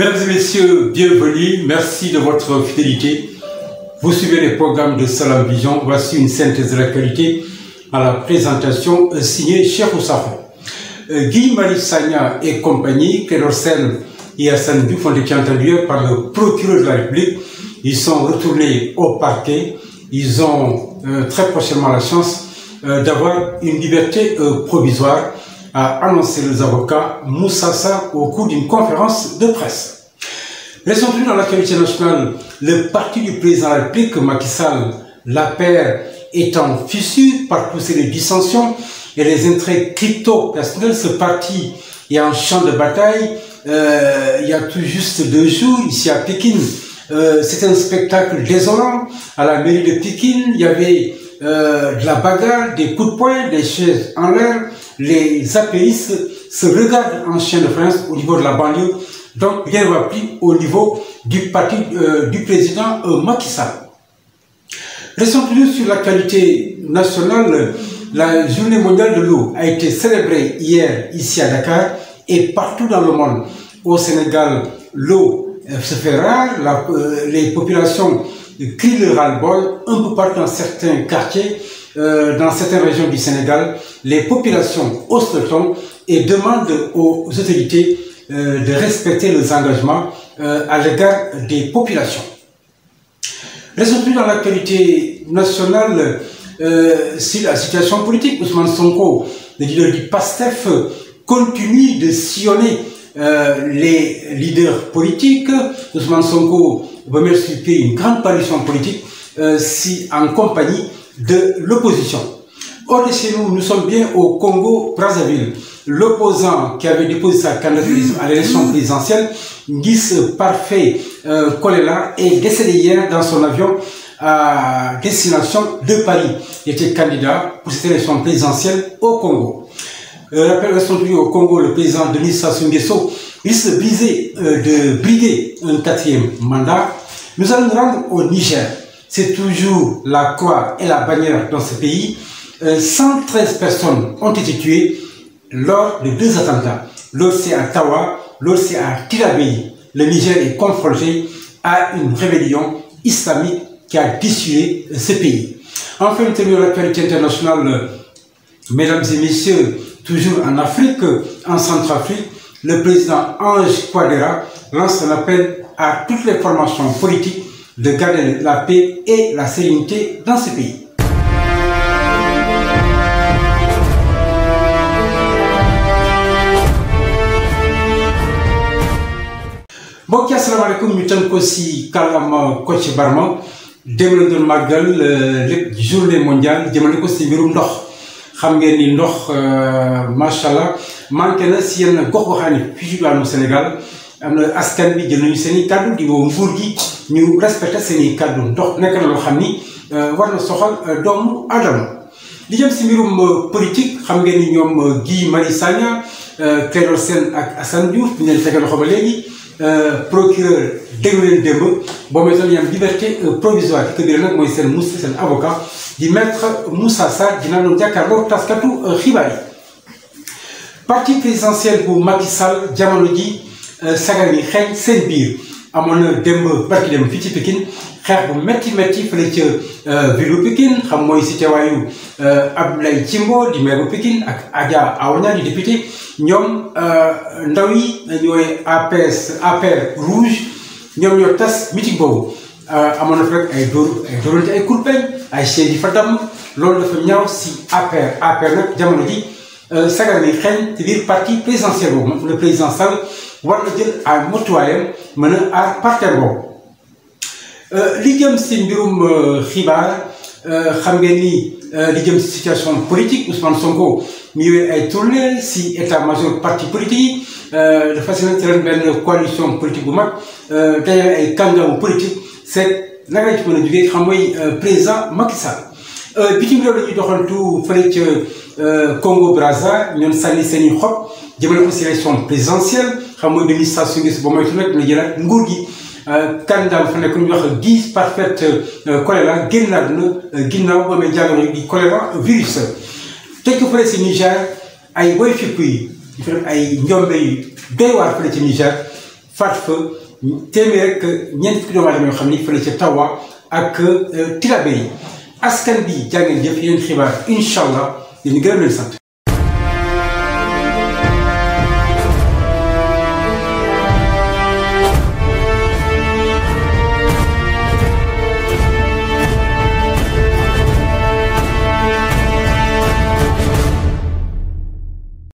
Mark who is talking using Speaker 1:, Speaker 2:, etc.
Speaker 1: Mesdames et messieurs, bienvenue. Merci de votre fidélité. Vous suivez les programmes de Salam Vision. Voici une synthèse de la qualité à la présentation euh, signée Cheikh Oussafou. Euh, Guy Marie Sagna et compagnie, Kerosen et Hassan Diouf ont été entendus par le procureur de la République. Ils sont retournés au parquet. Ils ont euh, très prochainement la chance d'avoir une liberté provisoire, a annoncé les avocats Moussassa au cours d'une conférence de presse. Récemment, dans l'actualité nationale, le parti du président de la République, Macky Sall, la paire étant fissue par pousser les dissensions et les intérêts crypto-personnels, ce parti est en champ de bataille. Euh, il y a tout juste deux jours, ici à Pékin, euh, c'était un spectacle désolant. À la mairie de Pékin, il y avait euh, de la bagarre, des coups de poing, des chaises en l'air. Les apéistes se regardent en chien de France au niveau de la banlieue donc bien repris au niveau du parti euh, du président euh, Macky Sall. Restons-nous sur l'actualité nationale. La journée mondiale de l'eau a été célébrée hier ici à Dakar et partout dans le monde. Au Sénégal, l'eau euh, se fait rare, la, euh, les populations crient le ras-le-bol un peu partout dans certains quartiers, euh, dans certaines régions du Sénégal. Les populations haussent le ton et demandent aux autorités Euh, de respecter les engagements euh, à l'égard des populations. Reste plus dans l'actualité nationale, euh, c'est la situation politique. Ousmane Sonko, le leader du PASTEF, continue de sillonner euh, les leaders politiques. Ousmane Sonko va même une grande coalition politique euh, si, en compagnie de l'opposition. Or de chez nous, au Congo-Brazzaville. L'opposant qui avait déposé sa candidature mm. à l'élection mm. présidentielle, Ngis Parfait euh, Kolela, est décédé hier dans son avion à destination de Paris. Euh, Congo. le président Denis Sassou Nguesso risque euh, de briguer un quatrième mandat. Nous la croix et la bannière 113 euh, personnes ont été tuées lors de deux attentats. L'autre à Tawa, l'autre c'est à Tillabéri. Le Niger est confronté à une rébellion islamique qui a dissué euh, ce pays. Enfin, une termine l'actualité internationale, euh, mesdames et messieurs, toujours en Afrique, en Centrafrique, le président Ange Kouadera lance un appel à toutes les formations politiques de garder la paix et la sérénité dans ce pays. mbokk yi asalaamaaleykum ñu tënk ko si kàllaama Kocc Barma démb la doon màggal euh, lépp journée mondiale jëmale ko si mbirum ndox xam ngeen ni ndox euh, macha allah manqué na si yenn gox goxaan yi Sénégal am na askan bi jël nañu seen i kàddu di woo nguur gi ñu respecté seen kàddu ndox nekk na loo xam ni euh, war na soxal doomu aadama li jëm si mbirum politique xam ngeen ni ñoom Guy Marius Sagna Clédor Sène ak Assane Diouf ñu leen fekk loxo ba léegi. Euh, procureur déglu leen démb boo may sax ñu am liberté euh, provisoire ki ko biir nag mooy seen Moussa seen avocat di maître Moussa Sarr dinaa doon jàkkaarloo taskatu euh, xibaar yi. parti présidentiel bu Macky Sall jamono ji sagal yi xeeñ seen amoon na démb barki dem fii ci Pikine xeex bu métti métti fële ca euh, ville Pikine xam mooy si teewaayu euh, Abdoulaye Thimbo di maire Pikine ak Adja Awana di député ñoom euh, ndaw yi ñooy APS APR rouge ñoom ñoo tas meeting boobu amoon na fa rek ay dóor ay dóorante ay kurpeñ ay chaise fa damm loolu dafa ñaaw si APR APR nag jamono ji sagal ni xeeñ ci biir parti présidentiel boobu moom le président Sall war na jël ay motuwaayam mën a aar partenaire boobu. Euh, li jëm si mbirum euh, xibaar euh, xam ngeen ni li jëm si situation politique Ousmane Sonko mi yore ay tournée si état major parti politique yi dafa si nekk ren coalition politique bu mag dajale ay kàngaamu politique seet naka la ci mën a jugee xam mooy président Macky Sall bitim réew la ñuy doxantu fële ca. Euh, Congo Brazza ñoom sànni seen i xob jëmale ko si élection présidentielle xam mooy demi saa su gis ba moytu rek na jëlaat nguur gi. candidat euh, bi fa nekk ñu wax dix parfaite euh, choléra génnaat na ginnaaw ba amee jàngoro di choléra virus. tëj ko fële si Niger ay woy fipp yi ay njombe yi doy waar fële ci Niger faat fa téeméer rek ñeent fukki yoo xam ni fële Tawa ak Tillabéri askan bi jàngeen jëf yeneen xibaar incha allah. yéen ñu gërëm leen